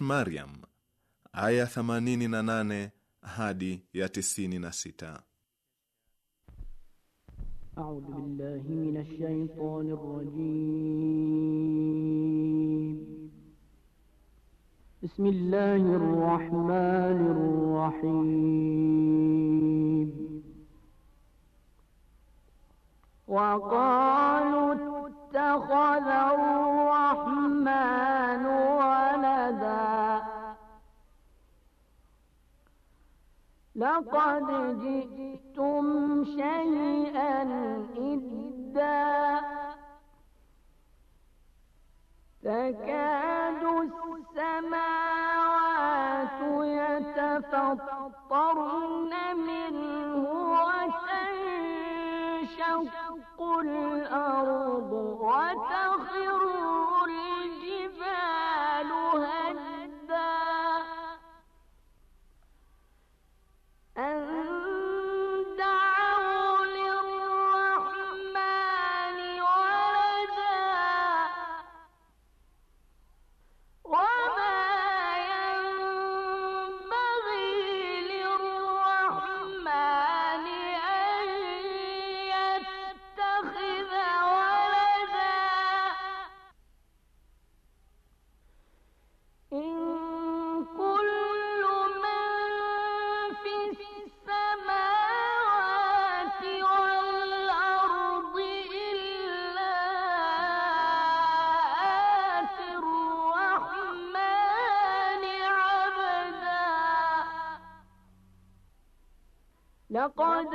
Maryam aya 88 hadi ya 96. A'udhu billahi minash shaitanir Bismillahir rahmanir rahim. Wa qalu اتخذ الرحمن ولدا لقد جئتم شيئا إدا تكاد السماوات يتفطرن من الأرض وت لقد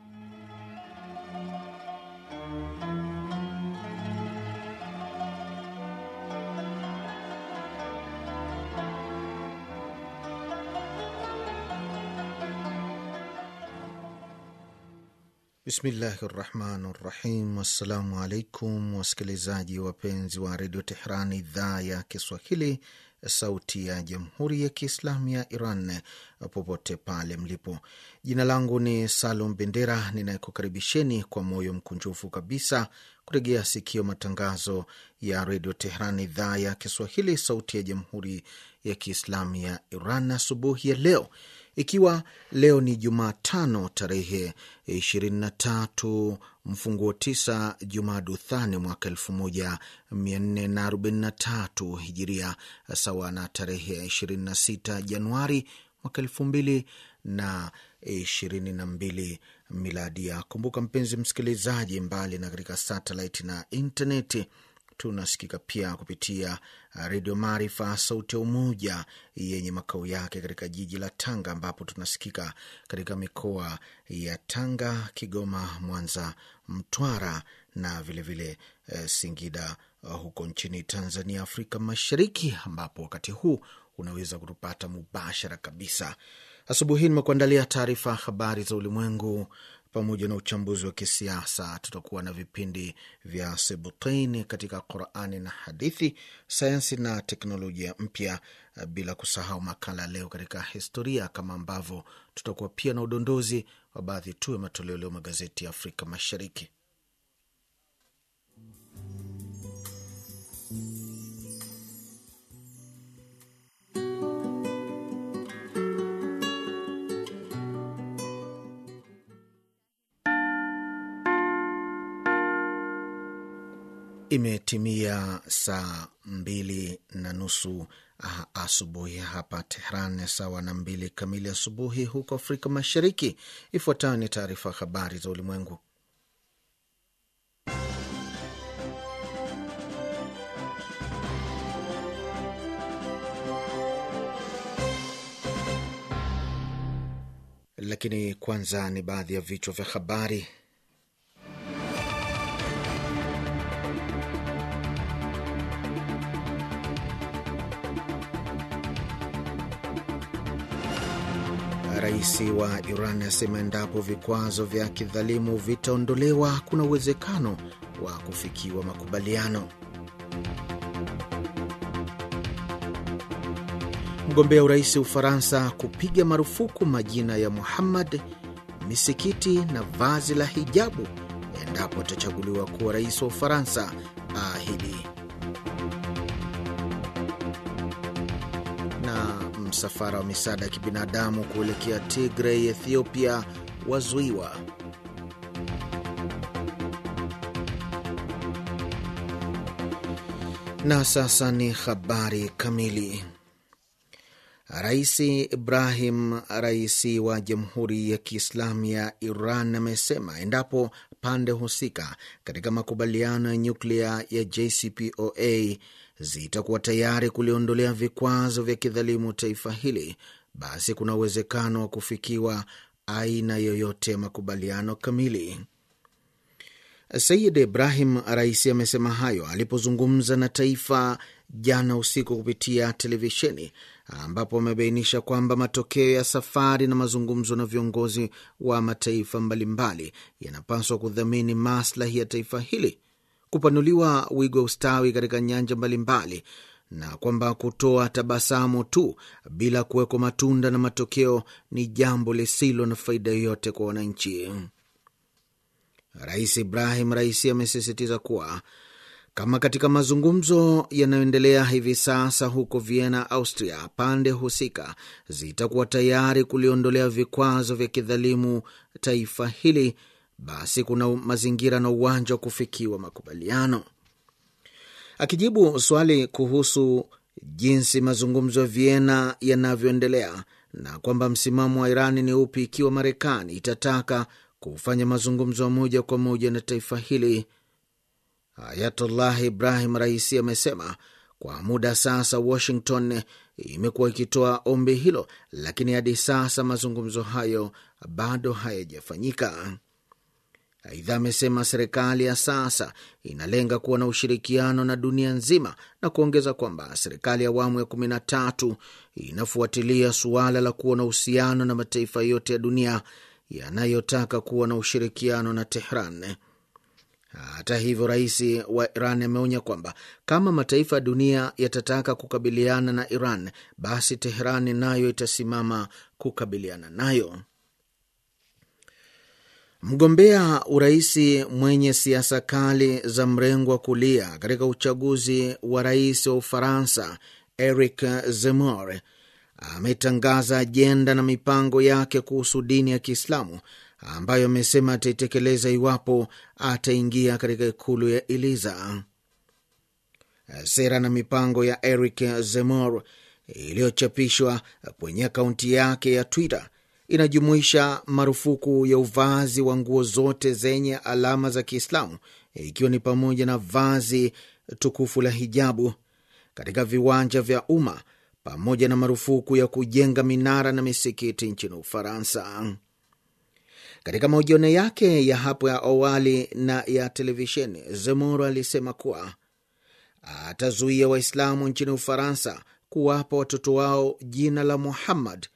Bismillahi rahmani rahim. Assalamu alaikum wasikilizaji wapenzi wa redio Tehran, idhaa ya Kiswahili, sauti ya jamhuri ya kiislamu ya Iran, popote pale mlipo. Jina langu ni Salum Bendera, ninayekukaribisheni kwa moyo mkunjufu kabisa kuregea sikio matangazo ya redio Tehran, idhaa ya Kiswahili, sauti ya jamhuri ya kiislamu ya Iran, asubuhi ya leo ikiwa leo ni Jumatano tarehe 23 mfunguo 9 Jumada Thani mwaka 1443 Hijiria, sawa na tarehe 26 Januari mwaka na miladi ya Kumbuka mpenzi msikilizaji, mbali na katika satelit na intaneti tunasikika pia kupitia uh, Redio Maarifa Sauti ya Umoja yenye makao yake katika jiji la Tanga, ambapo tunasikika katika mikoa ya Tanga, Kigoma, Mwanza, Mtwara na vilevile vile, eh, Singida uh, huko nchini Tanzania, Afrika Mashariki, ambapo wakati huu unaweza kutupata mubashara kabisa. Asubuhi hii nimekuandalia taarifa habari za ulimwengu pamoja na uchambuzi wa kisiasa. Tutakuwa na vipindi vya Sibutaini katika Qurani na hadithi, sayansi na teknolojia mpya, bila kusahau makala leo katika historia, kama ambavyo tutakuwa pia na udondozi wa baadhi tu ya matoleo leo magazeti ya Afrika Mashariki. Imetimia saa mbili na nusu ah, asubuhi hapa Tehran, sawa na mbili kamili asubuhi huko Afrika Mashariki. Ifuatayo ni taarifa habari za ulimwengu, lakini kwanza ni baadhi ya vichwa vya habari. Rais wa Iran asema endapo vikwazo vya kidhalimu vitaondolewa kuna uwezekano wa kufikiwa makubaliano. Mgombea urais Ufaransa kupiga marufuku majina ya Muhammad, misikiti na vazi la hijabu endapo atachaguliwa kuwa rais wa Ufaransa, ahidi msafara wa misaada ya kibinadamu kuelekea Tigray, Ethiopia wazuiwa. Na sasa ni habari kamili. Rais Ibrahim Raisi wa Jamhuri ya Kiislamu ya Iran amesema endapo pande husika katika makubaliano ya nyuklia ya JCPOA zitakuwa tayari kuliondolea vikwazo vya kidhalimu taifa hili, basi kuna uwezekano wa kufikiwa aina yoyote ya makubaliano kamili. Sayid Ibrahim Raisi amesema hayo alipozungumza na taifa jana usiku kupitia televisheni, ambapo amebainisha kwamba matokeo ya safari na mazungumzo na viongozi wa mataifa mbalimbali yanapaswa kudhamini maslahi ya taifa hili kupanuliwa wigo wa ustawi katika nyanja mbalimbali na kwamba kutoa tabasamu tu bila kuwekwa matunda na matokeo ni jambo lisilo na faida yoyote kwa wananchi. Rais Ibrahim Raisi amesisitiza kuwa kama katika mazungumzo yanayoendelea hivi sasa huko Vienna, Austria, pande husika zitakuwa tayari kuliondolea vikwazo vya kidhalimu taifa hili basi kuna mazingira na uwanja wa kufikiwa makubaliano. Akijibu swali kuhusu jinsi mazungumzo ya Vienna yanavyoendelea na kwamba msimamo wa Irani ni upi ikiwa Marekani itataka kufanya mazungumzo moja kwa moja na taifa hili, Ayatullah Ibrahim Raisi amesema kwa muda sasa Washington imekuwa ikitoa ombi hilo, lakini hadi sasa mazungumzo hayo bado hayajafanyika. Aidha, amesema serikali ya sasa inalenga kuwa na ushirikiano na dunia nzima na kuongeza kwamba serikali ya awamu ya kumi na tatu inafuatilia suala la kuwa na uhusiano na mataifa yote ya dunia yanayotaka kuwa na ushirikiano na Tehran. Hata hivyo, rais wa Iran ameonya kwamba kama mataifa ya dunia yatataka kukabiliana na Iran, basi Teherani nayo itasimama kukabiliana nayo. Mgombea urais mwenye siasa kali za mrengo wa kulia katika uchaguzi wa rais wa Ufaransa, Eric Zemmour ametangaza ajenda na mipango yake kuhusu dini ya Kiislamu ambayo amesema ataitekeleza iwapo ataingia katika ikulu ya Eliza. Sera na mipango ya Eric Zemmour iliyochapishwa kwenye akaunti yake ya Twitter inajumuisha marufuku ya uvazi wa nguo zote zenye alama za Kiislamu, ikiwa ni pamoja na vazi tukufu la hijabu katika viwanja vya umma pamoja na marufuku ya kujenga minara na misikiti nchini Ufaransa. Katika mahojiano yake ya hapo ya awali na ya televisheni, Zemmour alisema kuwa atazuia Waislamu nchini Ufaransa kuwapa watoto wao jina la Muhammad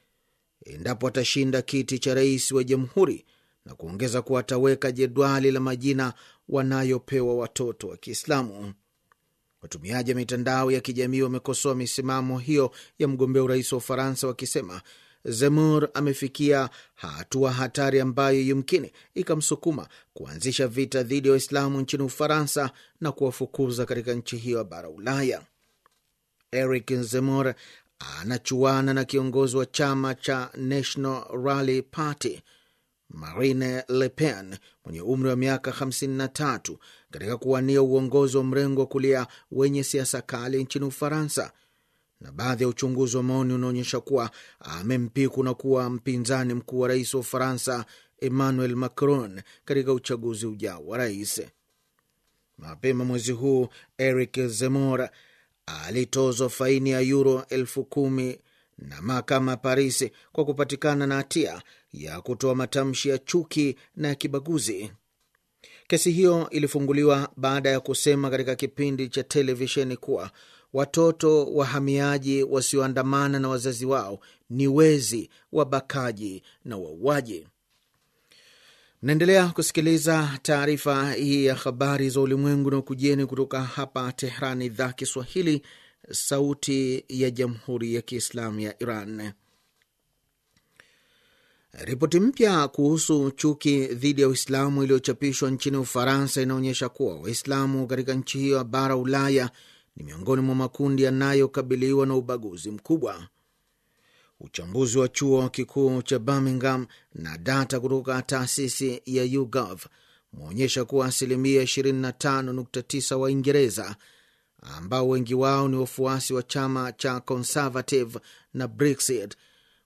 endapo atashinda kiti cha rais wa jamhuri na kuongeza kuwa ataweka jedwali la majina wanayopewa watoto wa Kiislamu. Watumiaji wa mitandao ya kijamii wamekosoa misimamo hiyo ya mgombea urais wa Ufaransa wakisema Zemur amefikia hatua hatari ambayo yumkini ikamsukuma kuanzisha vita dhidi ya Waislamu nchini Ufaransa na kuwafukuza katika nchi hiyo ya bara Ulaya. Eric Zemur anachuana na kiongozi wa chama cha National Rally Party Marine Le Pen mwenye umri wa miaka 53 katika kuwania uongozi wa mrengo wa kulia wenye siasa kali nchini Ufaransa, na baadhi ya uchunguzi wa maoni unaonyesha kuwa amempiku na kuwa mpinzani mkuu wa rais wa Ufaransa Emmanuel Macron katika uchaguzi ujao wa rais. Mapema mwezi huu Eric Zemmour alitozwa faini ya yuro elfu kumi na mahakama ya Paris kwa kupatikana na hatia ya kutoa matamshi ya chuki na ya kibaguzi. Kesi hiyo ilifunguliwa baada ya kusema katika kipindi cha televisheni kuwa watoto wahamiaji wasioandamana na wazazi wao ni wezi, wabakaji na wauaji. Naendelea kusikiliza taarifa hii ya habari za ulimwengu na ukujieni kutoka hapa Tehran, idhaa Kiswahili, sauti ya jamhuri ya kiislamu ya Iran. Ripoti mpya kuhusu chuki dhidi ya Uislamu iliyochapishwa nchini Ufaransa inaonyesha kuwa Waislamu katika nchi hiyo ya bara Ulaya ni miongoni mwa makundi yanayokabiliwa na ubaguzi mkubwa uchambuzi wa chuo kikuu cha Birmingham na data kutoka taasisi ya YouGov umeonyesha kuwa asilimia 25.9 Waingereza ambao wengi wao ni wafuasi wa chama cha Conservative na Brexit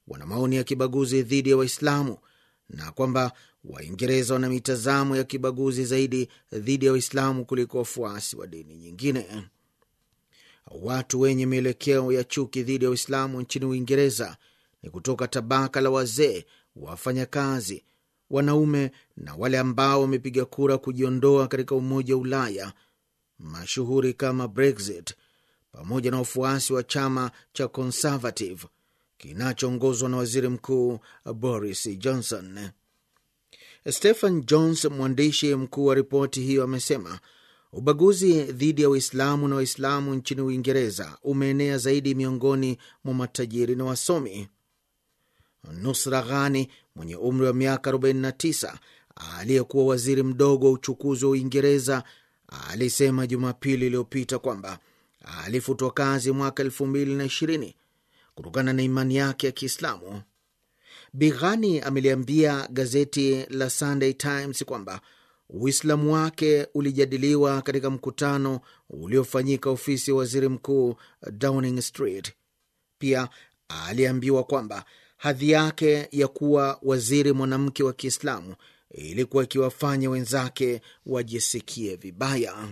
wana maoni ya kibaguzi dhidi ya Waislamu na kwamba Waingereza wana mitazamo ya kibaguzi zaidi dhidi ya Waislamu kuliko wafuasi wa dini nyingine watu wenye mielekeo ya chuki dhidi ya Uislamu nchini Uingereza ni kutoka tabaka la wazee, wafanyakazi, wanaume na wale ambao wamepiga kura kujiondoa katika Umoja wa Ulaya mashuhuri kama Brexit, pamoja na wafuasi wa chama cha Conservative kinachoongozwa na waziri mkuu Boris Johnson. Stephen Jones, mwandishi mkuu wa ripoti hiyo, amesema Ubaguzi dhidi ya Waislamu na Waislamu nchini Uingereza umeenea zaidi miongoni mwa matajiri na wasomi. Nusra Ghani mwenye umri wa miaka 49 aliyekuwa waziri mdogo wa uchukuzi wa Uingereza alisema Jumapili iliyopita kwamba alifutwa kazi mwaka 220 kutokana na imani yake ya Kiislamu. Bighani ameliambia gazeti la Sunday Times kwamba Uislamu wake ulijadiliwa katika mkutano uliofanyika ofisi ya waziri mkuu Downing Street. Pia aliambiwa kwamba hadhi yake ya kuwa waziri mwanamke wa Kiislamu ilikuwa ikiwafanya wenzake wajisikie vibaya.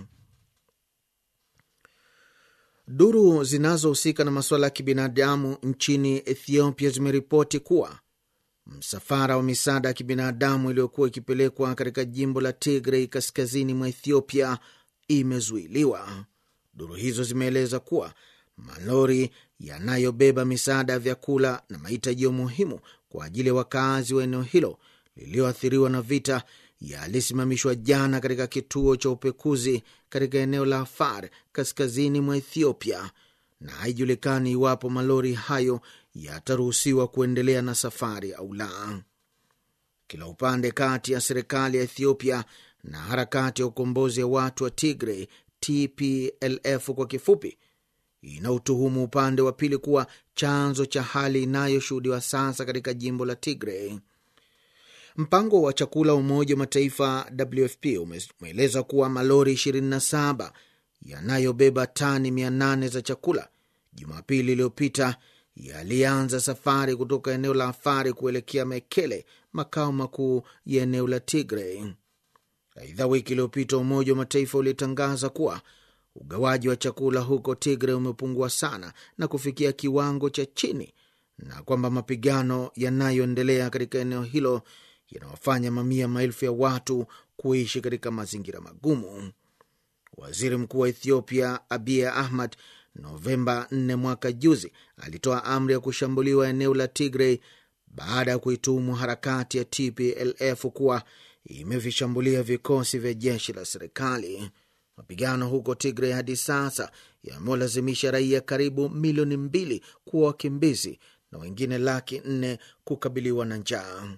Duru zinazohusika na masuala ya kibinadamu nchini Ethiopia zimeripoti kuwa msafara wa misaada ya kibinadamu iliyokuwa ikipelekwa katika jimbo la Tigray kaskazini mwa Ethiopia imezuiliwa. Duru hizo zimeeleza kuwa malori yanayobeba misaada ya vyakula na mahitajio muhimu kwa ajili ya wakazi wa eneo hilo lililoathiriwa na vita yalisimamishwa jana katika kituo cha upekuzi katika eneo la Afar kaskazini mwa Ethiopia, na haijulikani iwapo malori hayo yataruhusiwa kuendelea na safari au la. Kila upande kati ya serikali ya Ethiopia na harakati ya ukombozi wa watu wa Tigray TPLF kwa kifupi inautuhumu upande wa pili kuwa chanzo cha hali inayoshuhudiwa sasa katika jimbo la Tigray. Mpango wa chakula wa Umoja wa Mataifa WFP umeeleza kuwa malori 27 yanayobeba tani 800 za chakula Jumapili iliyopita yalianza safari kutoka eneo la Afari kuelekea Mekele, makao makuu ya eneo la Tigray. Aidha, wiki iliyopita Umoja wa Mataifa ulitangaza kuwa ugawaji wa chakula huko Tigre umepungua sana na kufikia kiwango cha chini na kwamba mapigano yanayoendelea katika eneo hilo yanawafanya mamia maelfu ya watu kuishi katika mazingira magumu. Waziri Mkuu wa Ethiopia Abiy Ahmed Novemba 4 mwaka juzi alitoa amri ya kushambuliwa eneo la Tigray baada ya kuitumwa harakati ya TPLF kuwa imevishambulia vikosi vya jeshi la serikali. Mapigano huko Tigray hadi sasa yamewalazimisha raia karibu milioni mbili kuwa wakimbizi na wengine laki nne kukabiliwa na njaa.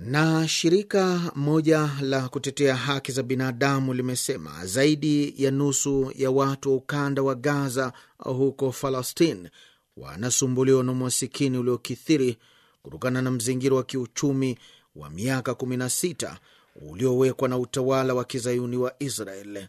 Na shirika moja la kutetea haki za binadamu limesema zaidi ya nusu ya watu wa ukanda wa Gaza huko Falastin wanasumbuliwa na umasikini uliokithiri kutokana na mzingiro wa kiuchumi wa miaka 16 uliowekwa na utawala wa kizayuni wa Israel.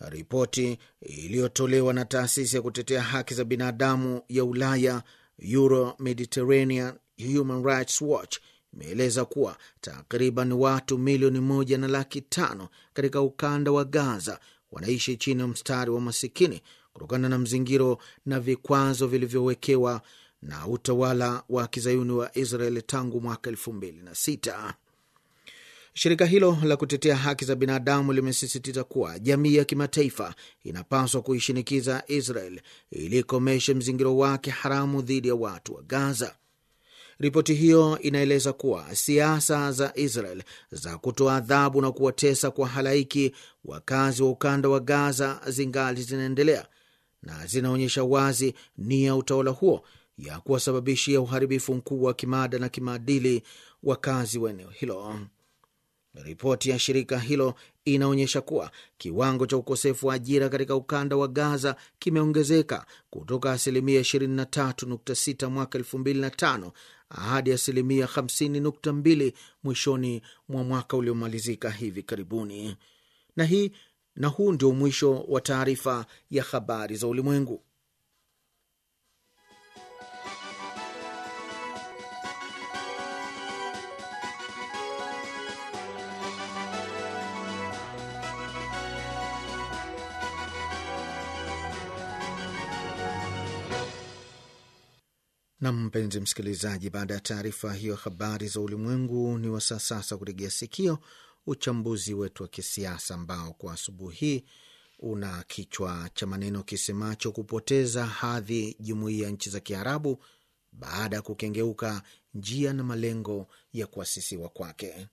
Ripoti iliyotolewa na taasisi ya kutetea haki za binadamu ya Ulaya Euro Mediterranean Human Rights Watch imeeleza kuwa takriban watu milioni moja na laki tano katika ukanda wa Gaza wanaishi chini ya mstari wa masikini kutokana na mzingiro na vikwazo vilivyowekewa na utawala wa kizayuni wa Israel tangu mwaka elfu mbili na sita. Shirika hilo la kutetea haki za binadamu limesisitiza kuwa jamii ya kimataifa inapaswa kuishinikiza Israel ili ikomeshe mzingiro wake haramu dhidi ya watu wa Gaza. Ripoti hiyo inaeleza kuwa siasa za Israel za kutoa adhabu na kuwatesa kwa halaiki wakazi wa ukanda wa Gaza zingali zinaendelea na zinaonyesha wazi nia ya utawala huo ya kuwasababishia uharibifu mkuu wa kimada na kimaadili wakazi wa eneo hilo. Ripoti ya shirika hilo inaonyesha kuwa kiwango cha ukosefu wa ajira katika ukanda wa Gaza kimeongezeka kutoka asilimia 23.6 mwaka hadi asilimia 50.2 mwishoni mwa mwaka uliomalizika hivi karibuni. Na hii na huu ndio mwisho wa taarifa ya habari za ulimwengu. Na mpenzi msikilizaji, baada ya taarifa hiyo habari za ulimwengu, ni wasaa sasa kuregea sikio uchambuzi wetu wa kisiasa ambao kwa asubuhi hii una kichwa cha maneno kisemacho kupoteza hadhi jumuiya ya nchi za Kiarabu baada ya kukengeuka njia na malengo ya kuasisiwa kwake.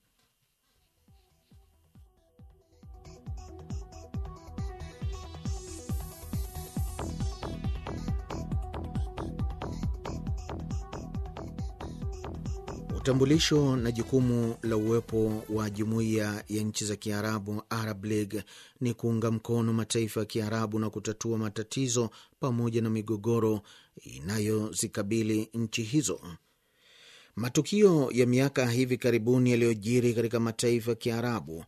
Utambulisho na jukumu la uwepo wa jumuiya ya nchi za Kiarabu, Arab League, ni kuunga mkono mataifa ya Kiarabu na kutatua matatizo pamoja na migogoro inayozikabili nchi hizo. Matukio ya miaka hivi karibuni yaliyojiri katika mataifa ya Kiarabu,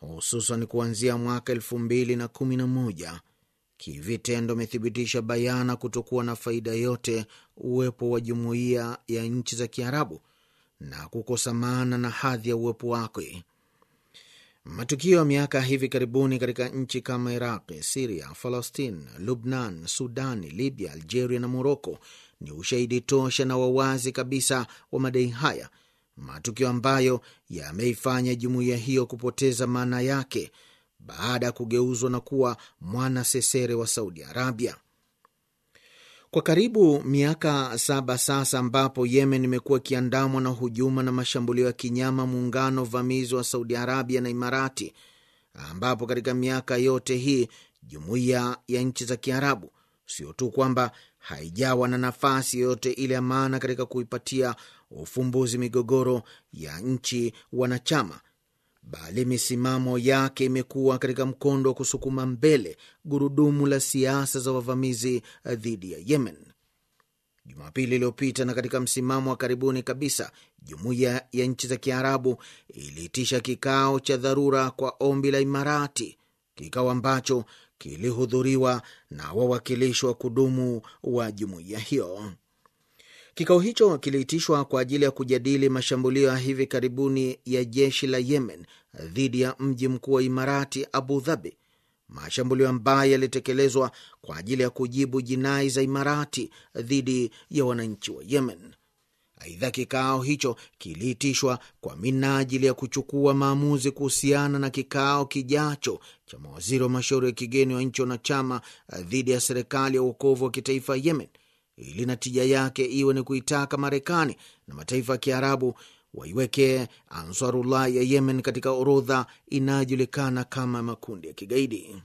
hususan kuanzia mwaka elfu mbili na kumi na moja kivitendo amethibitisha bayana kutokuwa na faida yote uwepo wa jumuiya ya nchi za Kiarabu na kukosa maana na hadhi ya uwepo wake. Matukio ya miaka hivi karibuni katika nchi kama Iraqi, Siria, Palestina, Lubnan, Sudani, Libya, Algeria na Moroko ni ushahidi tosha na wawazi kabisa wa madai haya, matukio ambayo yameifanya jumuiya hiyo kupoteza maana yake baada ya kugeuzwa na kuwa mwana sesere wa Saudi Arabia kwa karibu miaka saba sasa, ambapo Yemen imekuwa ikiandamwa na hujuma na mashambulio ya kinyama muungano vamizi wa Saudi Arabia na Imarati, ambapo katika miaka yote hii jumuiya ya nchi za Kiarabu sio tu kwamba haijawa na nafasi yoyote ile ya maana katika kuipatia ufumbuzi migogoro ya nchi wanachama, bali misimamo yake imekuwa katika mkondo wa kusukuma mbele gurudumu la siasa za wavamizi eh, dhidi ya Yemen. Jumapili iliyopita na katika msimamo wa karibuni kabisa, jumuiya ya nchi za Kiarabu iliitisha kikao cha dharura kwa ombi la Imarati, kikao ambacho kilihudhuriwa na wawakilishi wa kudumu wa jumuiya hiyo. Kikao hicho kiliitishwa kwa ajili ya kujadili mashambulio ya hivi karibuni ya jeshi la Yemen dhidi ya mji mkuu wa Imarati, Abu Dhabi, mashambulio ambayo yalitekelezwa kwa ajili ya kujibu jinai za Imarati dhidi ya wananchi wa Yemen. Aidha, kikao hicho kiliitishwa kwa minajili ya kuchukua maamuzi kuhusiana na kikao kijacho cha mawaziri wa mashauri ya kigeni wa nchi wanachama dhidi ya serikali ya uokovu wa kitaifa Yemen ili natija yake iwe ni kuitaka Marekani na mataifa ya Kiarabu waiweke Ansarullah ya Yemen katika orodha inayojulikana kama makundi ya kigaidi.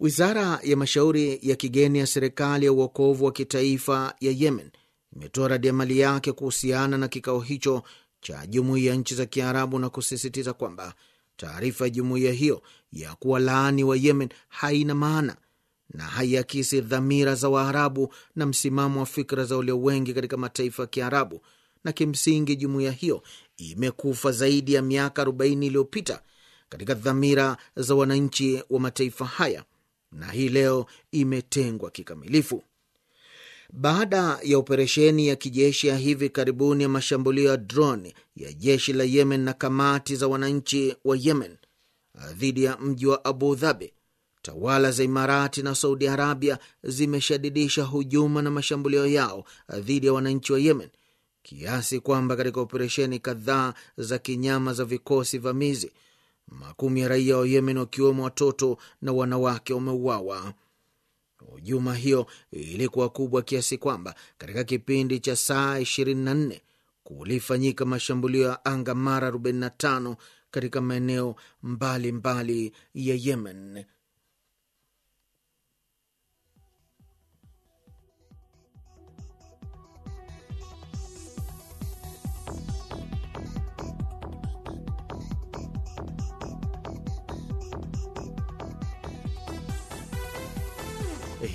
Wizara ya mashauri ya kigeni ya serikali ya uokovu wa kitaifa ya Yemen imetoa radi mali yake kuhusiana na kikao hicho cha jumuiya ya nchi za Kiarabu na kusisitiza kwamba taarifa ya jumuiya hiyo ya kuwa laani wa Yemen haina maana na haiakisi dhamira za Waarabu na msimamo wa fikra za walio wengi katika mataifa ya Kiarabu, na kimsingi jumuiya hiyo imekufa zaidi ya miaka 40 iliyopita katika dhamira za wananchi wa mataifa haya na hii leo imetengwa kikamilifu. Baada ya operesheni ya kijeshi ya hivi karibuni ya mashambulio ya drone ya jeshi la Yemen na kamati za wananchi wa Yemen dhidi ya mji wa Abu Dhabi Tawala za Imarati na Saudi Arabia zimeshadidisha hujuma na mashambulio yao dhidi ya wananchi wa Yemen kiasi kwamba katika operesheni kadhaa za kinyama za vikosi vamizi makumi ya raia wa Yemen wakiwemo watoto na wanawake wameuawa. Hujuma hiyo ilikuwa kubwa kiasi kwamba katika kipindi cha saa 24 kulifanyika mashambulio ya anga mara 45 katika maeneo mbalimbali ya Yemen.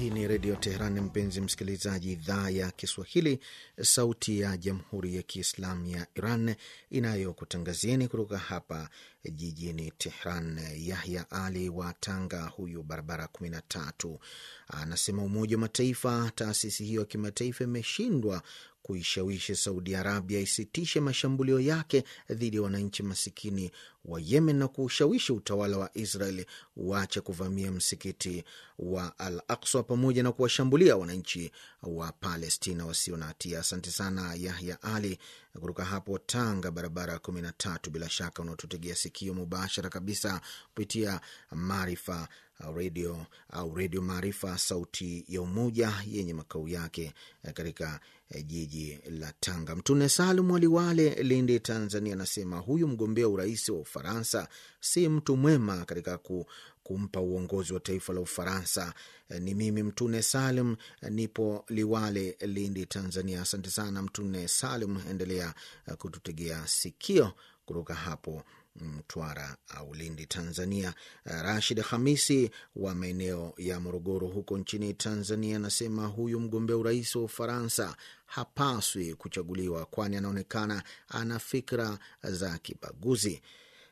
Hii ni Redio Teheran, mpenzi msikilizaji, idhaa ya Kiswahili, sauti ya Jamhuri ya Kiislamu ya Iran inayokutangazieni kutoka hapa jijini Tehran. Yahya Ali wa Tanga, huyu barabara tatu anasema Umoja wa Mataifa, taasisi hiyo ya kimataifa imeshindwa kuishawishi Saudi Arabia isitishe mashambulio yake dhidi ya wananchi masikini wa Yemen na kuushawishi utawala wa Israel uache kuvamia msikiti wa Al Aqsa pamoja na kuwashambulia wananchi wa Palestina wasio na hatia. Asante sana Yahya Ali kutoka hapo Tanga, barabara kumi na tatu. Bila shaka unaotutegea sikio mubashara kabisa kupitia Maarifa redio au Redio Maarifa, sauti ya Umoja, yenye makao yake eh, katika eh, jiji la Tanga. Mtune Salum Waliwale, Lindi, Tanzania, anasema huyu mgombea urais wa Ufaransa si mtu mwema katika ku kumpa uongozi wa taifa la Ufaransa. Eh, ni mimi Mtune Salim, nipo Liwale, Lindi, Tanzania. Asante sana Mtune Salim, endelea kututegea sikio kutoka hapo Mm, Mtwara au Lindi, Tanzania. Uh, Rashid Hamisi wa maeneo ya Morogoro huko nchini Tanzania anasema huyu mgombea urais wa Ufaransa hapaswi kuchaguliwa, kwani anaonekana ana fikra za kibaguzi.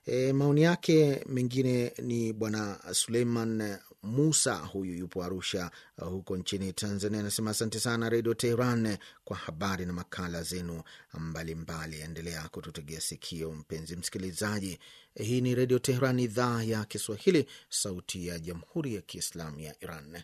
E, maoni yake mengine ni Bwana Suleiman Musa, huyu yupo Arusha uh, huko nchini Tanzania, anasema asante sana Redio Teheran kwa habari na makala zenu mbalimbali. Endelea kututegea sikio, mpenzi msikilizaji. Hii ni Redio Teheran, idhaa ya Kiswahili, sauti ya Jamhuri ya Kiislamu ya Iran.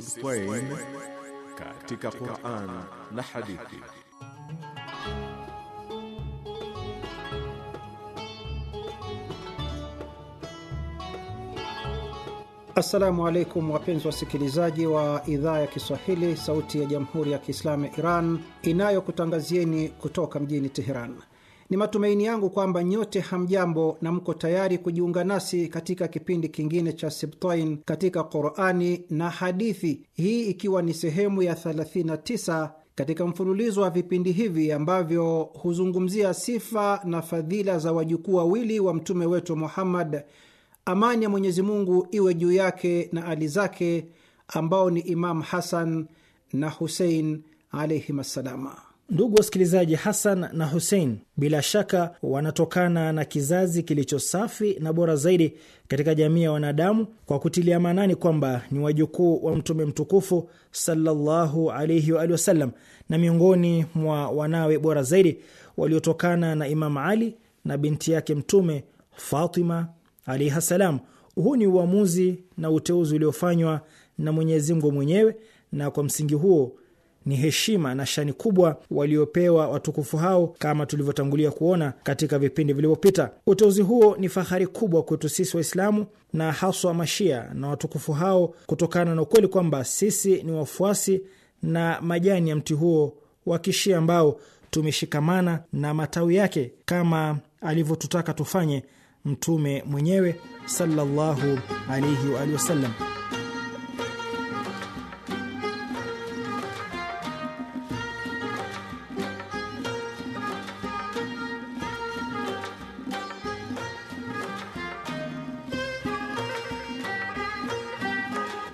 Sibtain katika Qur'an na hadithi. Assalamu alaikum wapenzi wasikilizaji wa idhaa ya Kiswahili, sauti ya jamhuri ya kiislamu ya Iran inayokutangazieni kutoka mjini Teheran. Ni matumaini yangu kwamba nyote hamjambo na mko tayari kujiunga nasi katika kipindi kingine cha Sibtain katika Qurani na hadithi, hii ikiwa ni sehemu ya 39 katika mfululizo wa vipindi hivi ambavyo huzungumzia sifa na fadhila za wajukuu wawili wa mtume wetu Muhammad, amani ya Mwenyezi Mungu iwe juu yake na ali zake, ambao ni Imam Hasan na Husein alaihim assalama. Ndugu wasikilizaji, Hasan na Hussein bila shaka wanatokana na kizazi kilicho safi na bora zaidi katika jamii ya wanadamu, kwa kutilia maanani kwamba ni wajukuu wa Mtume mtukufu sallallahu alaihi waalihi wasallam, na miongoni mwa wanawe bora zaidi waliotokana na Imamu Ali na binti yake Mtume Fatima alaihi salam. Huu ni uamuzi na uteuzi uliofanywa na Mwenyezi Mungu mwenyewe, na kwa msingi huo ni heshima na shani kubwa waliopewa watukufu hao kama tulivyotangulia kuona katika vipindi vilivyopita. Uteuzi huo ni fahari kubwa kwetu sisi Waislamu na haswa Mashia na watukufu hao, kutokana na ukweli kwamba sisi ni wafuasi na majani ya mti huo wa Kishia ambao tumeshikamana na matawi yake kama alivyotutaka tufanye Mtume mwenyewe sallallahu alaihi wa alihi wasallam.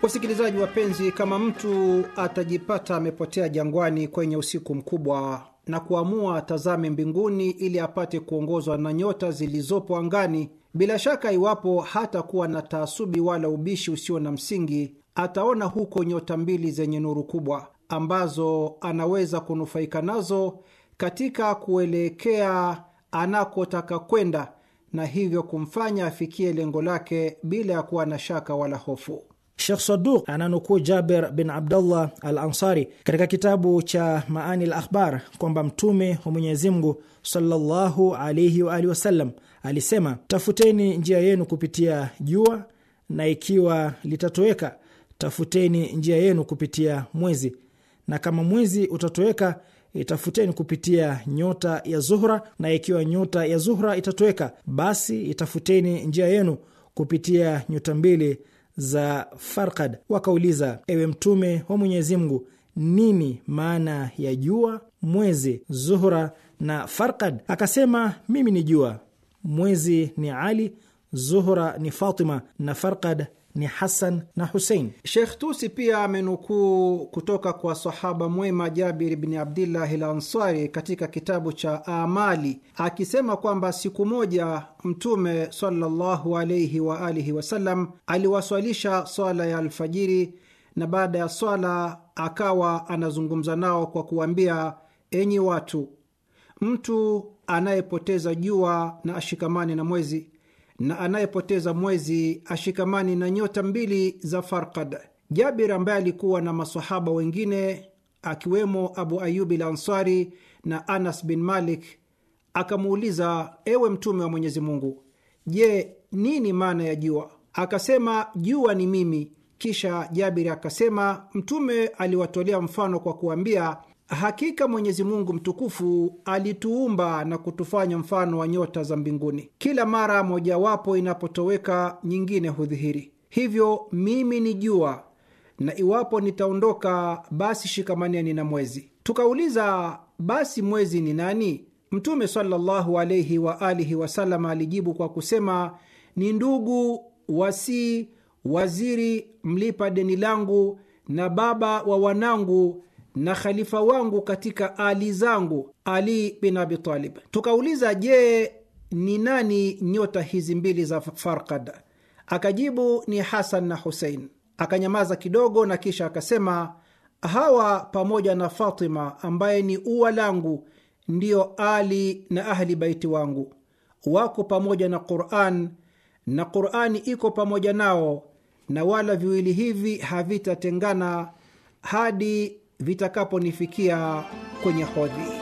Wasikilizaji wapenzi, kama mtu atajipata amepotea jangwani kwenye usiku mkubwa na kuamua atazame mbinguni ili apate kuongozwa na nyota zilizopo angani, bila shaka, iwapo hatakuwa na taasubi wala ubishi usio na msingi, ataona huko nyota mbili zenye nuru kubwa ambazo anaweza kunufaika nazo katika kuelekea anakotaka kwenda, na hivyo kumfanya afikie lengo lake bila ya kuwa na shaka wala hofu. Shekh Saduq ananukuu Jaber bin Abdullah al Ansari katika kitabu cha Maani al Akhbar kwamba Mtume wa Mwenyezi Mungu sallallahu wa alihi wasallam alisema, tafuteni njia yenu kupitia jua, na ikiwa litatoweka, tafuteni njia yenu kupitia mwezi, na kama mwezi utatoweka itafuteni kupitia nyota ya Zuhra, na ikiwa nyota ya Zuhra itatoweka, basi itafuteni njia yenu kupitia nyota mbili za Farkad wakauliza, ewe Mtume wa Mwenyezi Mungu, nini maana ya jua, mwezi, Zuhura na Farkad? Akasema, mimi ni jua, mwezi ni Ali, Zuhura ni Fatima na Farkad ni Hasan na Husein. shekh Tusi pia amenukuu kutoka kwa sahaba mwema Jabir bni Abdillahi l Ansari katika kitabu cha Amali akisema kwamba siku moja Mtume sallallahu alaihi waalihi wasallam aliwaswalisha swala ya alfajiri, na baada ya swala akawa anazungumza nao kwa kuwambia enyi watu, mtu anayepoteza jua na ashikamane na mwezi na anayepoteza mwezi ashikamani na nyota mbili za Farkad. Jabir ambaye alikuwa na masahaba wengine akiwemo Abu Ayubi l Ansari na Anas bin Malik akamuuliza, ewe Mtume wa Mwenyezi Mungu, je, nini maana ya jua? Akasema, jua ni mimi. Kisha Jabiri akasema, Mtume aliwatolea mfano kwa kuambia Hakika Mwenyezi Mungu mtukufu alituumba na kutufanya mfano wa nyota za mbinguni. Kila mara mojawapo inapotoweka, nyingine hudhihiri. Hivyo mimi ni jua, na iwapo nitaondoka, basi shikamaneni na mwezi. Tukauliza, basi mwezi ni nani? Mtume sallallahu alaihi wa alihi wasallam alijibu kwa kusema, ni ndugu, wasii, waziri, mlipa deni langu na baba wa wanangu na khalifa wangu katika ali zangu, Ali bin Abi Talib. Tukauliza, je, ni nani nyota hizi mbili za Farkad? Akajibu, ni Hasan na Husein. Akanyamaza kidogo na kisha akasema, hawa pamoja na Fatima ambaye ni ua langu ndiyo Ali na ahli baiti wangu, wako pamoja na Quran na Qurani iko pamoja nao, na wala viwili hivi havitatengana hadi vitakaponifikia kwenye hodhi.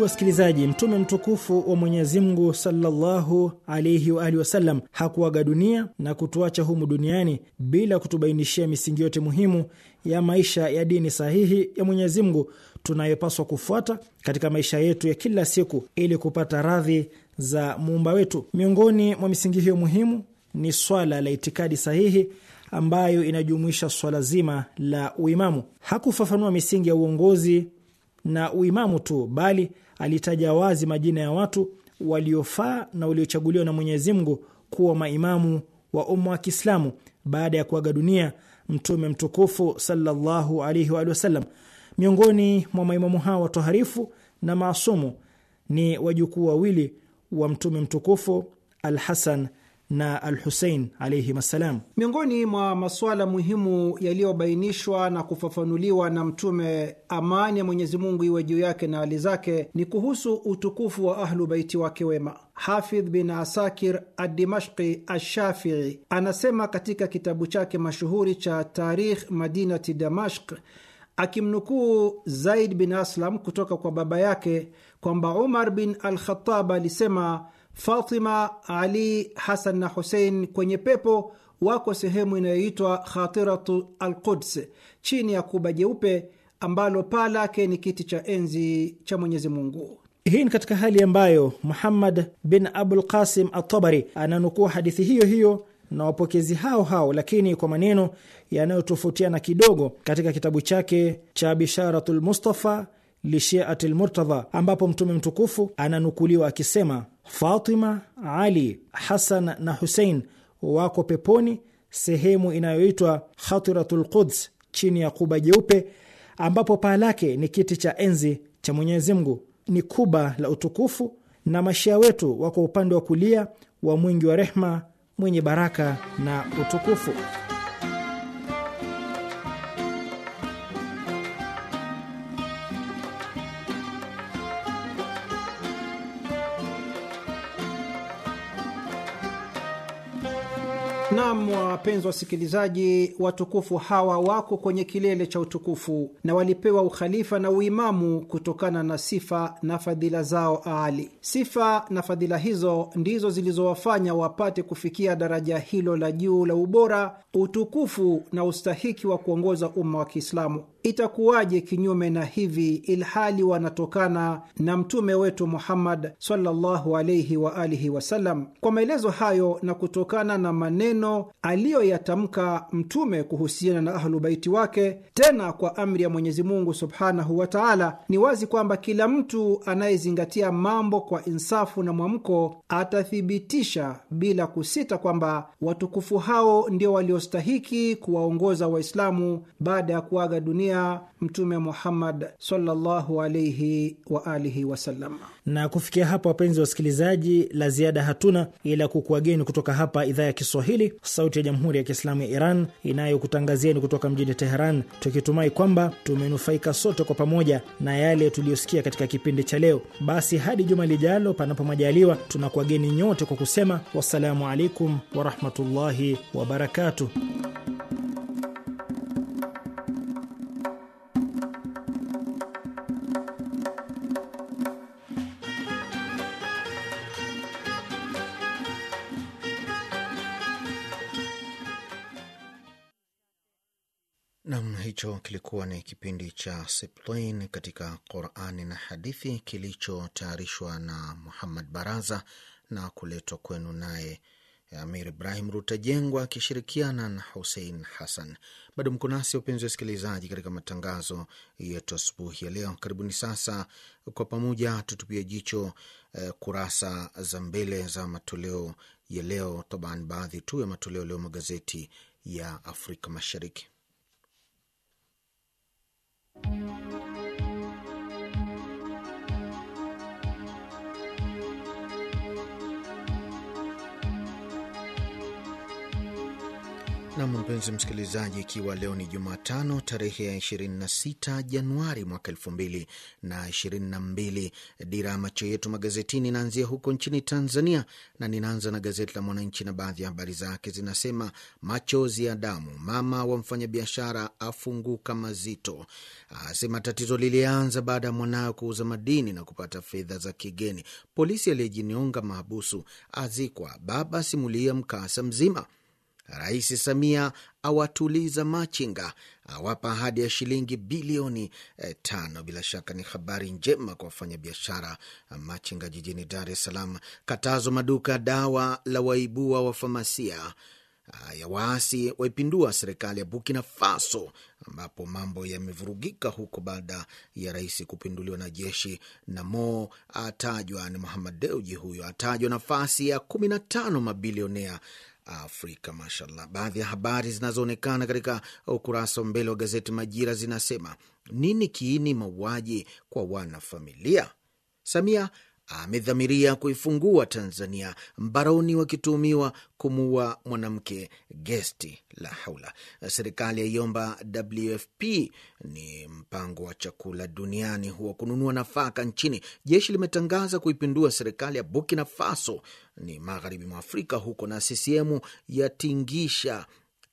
Ndugu wasikilizaji, mtume mtukufu wa Mwenyezi Mungu sallallahu alaihi wa alihi wasallam hakuaga dunia na kutuacha humu duniani bila kutubainishia misingi yote muhimu ya maisha ya dini sahihi ya Mwenyezi Mungu tunayopaswa kufuata katika maisha yetu ya kila siku ili kupata radhi za muumba wetu. Miongoni mwa misingi hiyo muhimu ni swala la itikadi sahihi ambayo inajumuisha swala zima la uimamu. Hakufafanua misingi ya uongozi na uimamu tu, bali alitaja wazi majina ya watu waliofaa na waliochaguliwa na Mwenyezi Mungu kuwa maimamu wa umma wa Kiislamu baada ya kuaga dunia Mtume mtukufu sallallahu alaihi wa sallam. Miongoni mwa maimamu hao watoharifu na maasumu ni wajukuu wawili wa Mtume mtukufu alhasan hasan na al Husein alaihim assalam. Miongoni mwa masuala muhimu yaliyobainishwa na kufafanuliwa na Mtume, amani ya Mwenyezi Mungu iwe juu yake na hali zake, ni kuhusu utukufu wa Ahlu Baiti wake wema. Hafidh bin Asakir Adimashki Ashafii anasema katika kitabu chake mashuhuri cha Tarikh Madinati Damashq akimnukuu Zaid bin Aslam kutoka kwa baba yake kwamba Umar bin Alkhatab alisema Fatima, Ali, Hasan na Husein kwenye pepo wako sehemu inayoitwa Khatiratu Alquds chini ya kuba jeupe ambalo paa lake ni kiti cha enzi cha Mwenyezi Mungu. Hii ni katika hali ambayo Muhammad bin Abul Qasim Atabari ananukua hadithi hiyo hiyo na wapokezi hao hao, lakini kwa maneno yanayotofautiana kidogo katika kitabu chake cha Bisharatu lmustafa Lishiatil Murtadha, ambapo Mtume mtukufu ananukuliwa akisema, Fatima, Ali, Hasan na Husein wako peponi sehemu inayoitwa Khatiratu lquds chini ya kuba jeupe, ambapo paa lake ni kiti cha enzi cha Mwenyezi Mungu, ni kuba la utukufu, na mashia wetu wako upande wa kulia wa mwingi wa rehma, mwenye baraka na utukufu. Naam, wapenzi wasikilizaji, watukufu hawa wako kwenye kilele cha utukufu na walipewa ukhalifa na uimamu kutokana na sifa na fadhila zao aali. Sifa na fadhila hizo ndizo zilizowafanya wapate kufikia daraja hilo la juu la ubora, utukufu na ustahiki wa kuongoza umma wa Kiislamu itakuwaje kinyume na hivi, ilhali wanatokana na mtume wetu Muhammad sallallahu alaihi wa alihi wasallam. Kwa maelezo hayo na kutokana na maneno aliyoyatamka mtume kuhusiana na ahlubaiti wake, tena kwa amri ya Mwenyezi Mungu subhanahu wa taala, ni wazi kwamba kila mtu anayezingatia mambo kwa insafu na mwamko atathibitisha bila kusita kwamba watukufu hao ndio waliostahiki kuwaongoza Waislamu baada ya kuaga dunia kumtumia Mtume Muhammad sallallahu alaihi wa alihi wasallam. Na kufikia hapa, wapenzi wa wasikilizaji, la ziada hatuna ila kukuwageni kutoka hapa idhaa ya Kiswahili, Sauti ya Jamhuri ya Kiislamu ya Iran inayokutangazieni kutoka mjini Teheran, tukitumai kwamba tumenufaika sote kwa pamoja na yale tuliyosikia katika kipindi cha leo. Basi hadi juma lijalo, panapo majaliwa, tunakuwageni nyote kwa kusema wassalamu alaikum warahmatullahi wabarakatuh. hicho kilikuwa ni kipindi cha Siptin katika Qurani na Hadithi kilichotayarishwa na Muhammad Baraza na kuletwa kwenu naye Amir Ibrahim Rutajengwa akishirikiana na Husein Hasan. Bado mko nasi, upenzi wa usikilizaji, katika matangazo yetu asubuhi ya leo. Karibuni sasa, kwa pamoja tutupie jicho eh, kurasa za mbele za matoleo ya leo, baadhi tu ya matoleo leo magazeti ya Afrika Mashariki. Música Nam, mpenzi msikilizaji, ikiwa leo ni Jumatano tarehe ya 26 Januari mwaka elfu mbili na ishirini na mbili, dira ya macho yetu magazetini inaanzia huko nchini Tanzania na ninaanza na gazeti la Mwananchi na baadhi ya habari zake zinasema: machozi ya damu, mama wa mfanyabiashara afunguka mazito, asema tatizo lilianza baada ya mwanawe kuuza madini na kupata fedha za kigeni, polisi aliyejinyonga mahabusu azikwa, baba simulia mkasa mzima Rais Samia awatuliza machinga, awapa ahadi ya shilingi bilioni eh, tano. Bila shaka ni habari njema kwa wafanyabiashara eh, machinga jijini Dar es Salaam. Katazo maduka dawa la waibua wafamasia eh, ya waasi waipindua serikali ya Burkina Faso, ambapo mambo yamevurugika huko baada ya rais kupinduliwa na jeshi. Na Mo atajwa ni Muhammad Deuji, huyo atajwa nafasi ya kumi na tano mabilionea Afrika. Mashallah, baadhi ya habari zinazoonekana katika ukurasa wa mbele wa gazeti Majira zinasema nini kiini mauaji kwa wanafamilia? Samia amedhamiria kuifungua Tanzania mbaroni wakituhumiwa kumuua mwanamke Gesti. La haula! Serikali yaiomba WFP ni mpango wa chakula duniani huwa kununua nafaka nchini. Jeshi limetangaza kuipindua serikali ya Burkina Faso ni magharibi mwa Afrika huko, na CCM yatingisha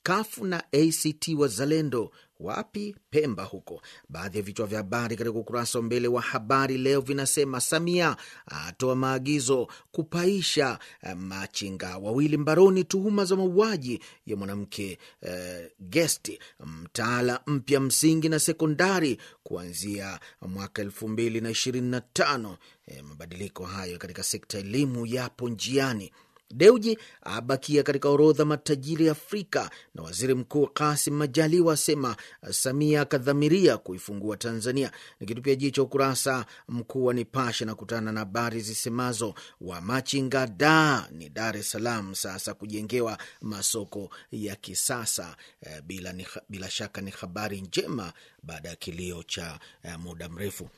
Kafu na ACT Wazalendo wapi? Pemba huko. Baadhi ya vichwa vya habari katika ukurasa wa mbele wa Habari Leo vinasema: Samia atoa maagizo kupaisha eh, machinga wawili mbaroni, tuhuma za mauaji ya mwanamke eh, gesti. Mtaala mpya msingi na sekondari kuanzia mwaka elfu mbili na ishirini na tano. Eh, mabadiliko hayo katika sekta elimu yapo njiani. Deuji abakia katika orodha matajiri Afrika, na waziri mkuu Kasim Majaliwa asema Samia akadhamiria kuifungua Tanzania. Nikitupia jicho ukurasa mkuu wa Nipashe na kutana na habari zisemazo wamachinga da ni Dar es Salaam sasa kujengewa masoko ya kisasa. E, bila, bila shaka ni habari njema baada ya kilio cha e, muda mrefu.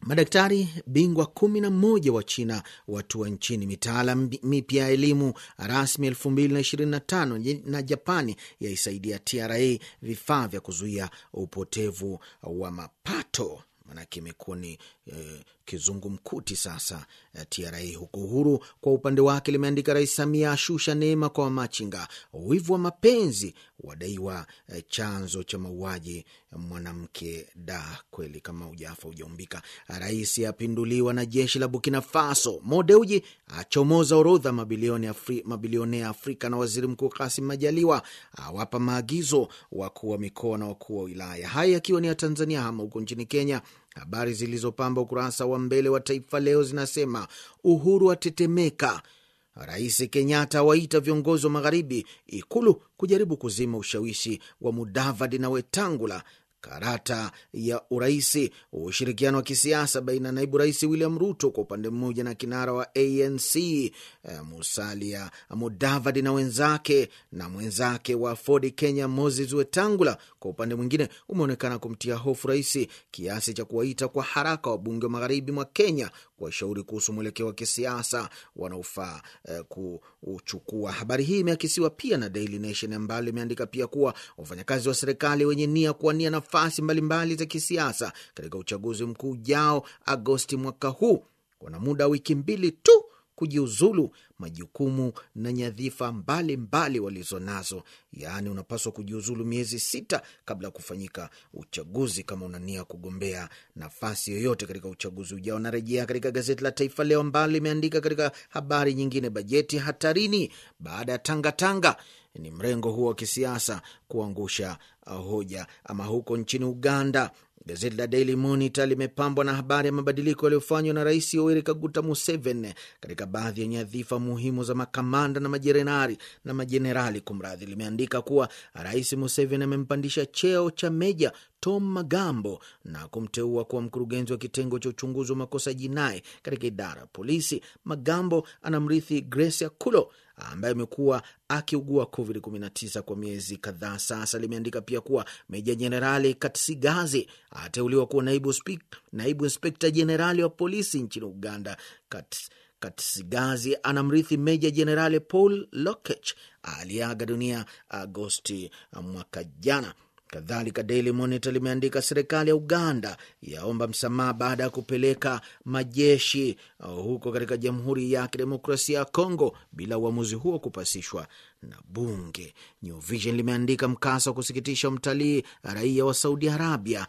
Madaktari bingwa kumi na moja wa China watua nchini. Mitaala mipya ya elimu rasmi elfu mbili na ishirini na tano na Japani yaisaidia TRA vifaa vya kuzuia upotevu wa mapato. Manake imekuwa ni eh, kizungumkuti sasa e, TRA. Huku Uhuru kwa upande wake limeandika Rais Samia ashusha neema kwa wamachinga, wivu wa mapenzi wadaiwa e, chanzo cha mauaji mwanamke. Da, kweli kama ujafa ujaumbika. Rais apinduliwa na jeshi la Burkina Faso. Modeuji achomoza orodha mabilionea Afri, Afrika na waziri mkuu Kasim Majaliwa awapa maagizo wakuu wa mikoa na wakuu wa wilaya. Haya yakiwa ni ya Tanzania. Hama huko nchini Kenya Habari zilizopamba ukurasa wa mbele wa Taifa Leo zinasema Uhuru atetemeka, Rais Kenyatta waita viongozi wa magharibi Ikulu kujaribu kuzima ushawishi wa Mudavadi na Wetangula karata ya uraisi, ushirikiano wa kisiasa baina ya naibu rais William Ruto kwa upande mmoja na kinara wa ANC eh, Musalia Mudavadi na wenzake na mwenzake wa Ford Kenya Moses Wetangula kwa upande mwingine umeonekana kumtia hofu rais kiasi cha kuwaita kwa haraka wabunge wa magharibi mwa Kenya kuwashauri kuhusu mwelekeo wa kisiasa wanaofaa eh, kuchukua. Habari hii imeakisiwa pia na Daily Nation ambalo limeandika pia kuwa wafanyakazi wa serikali wenye nia kuwania na nafasi mbalimbali za kisiasa katika uchaguzi mkuu ujao Agosti mwaka huu, Kuna muda wa wiki mbili tu kujiuzulu majukumu na nyadhifa mbalimbali walizonazo. Yaani, unapaswa kujiuzulu miezi sita kabla ya kufanyika uchaguzi kama unania kugombea nafasi yoyote katika uchaguzi ujao. Narejea katika gazeti la Taifa Leo ambalo limeandika katika habari nyingine, bajeti hatarini baada ya tangatanga ni mrengo huo wa kisiasa kuangusha uh, hoja. Ama huko nchini Uganda, gazeti la Daily Monitor limepambwa na habari ya mabadiliko yaliyofanywa na Rais Yoweri Kaguta Museveni katika baadhi ya nyadhifa muhimu za makamanda na majenerali na majenerali. Kumradhi, limeandika kuwa Rais Museveni amempandisha cheo cha meja Tom Magambo na kumteua kuwa mkurugenzi wa kitengo cha uchunguzi wa makosa jinai katika idara ya polisi. Magambo anamrithi Grace Akulo ambaye amekuwa akiugua COVID-19 kwa miezi kadhaa sasa, limeandika pia kuwa Meja Jenerali katsigazi ateuliwa kuwa naibu, naibu inspekta jenerali wa polisi nchini Uganda. Kats, Katsigazi anamrithi Meja Jenerali Paul Lokech aliyeaga dunia Agosti mwaka jana. Kadhalika, Daily Monitor limeandika serikali ya Uganda yaomba msamaha baada ya kupeleka majeshi uh, huko katika Jamhuri ya Kidemokrasia ya Kongo bila uamuzi huo kupasishwa na bunge. New Vision limeandika mkasa wa kusikitisha mtalii raia wa Saudi Arabia